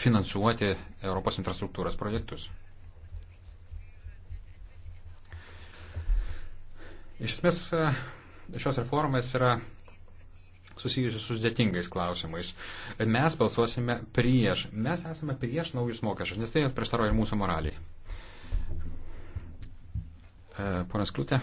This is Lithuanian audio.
finansuoti Europos infrastruktūros projektus. Iš esmės, e, šios reformos yra susijusios su sudėtingais klausimais. Mes balsuosime prieš. Mes esame prieš naujus mokesčius, nes tai prieštaroja mūsų moraliai. E, ponas Kliūtė.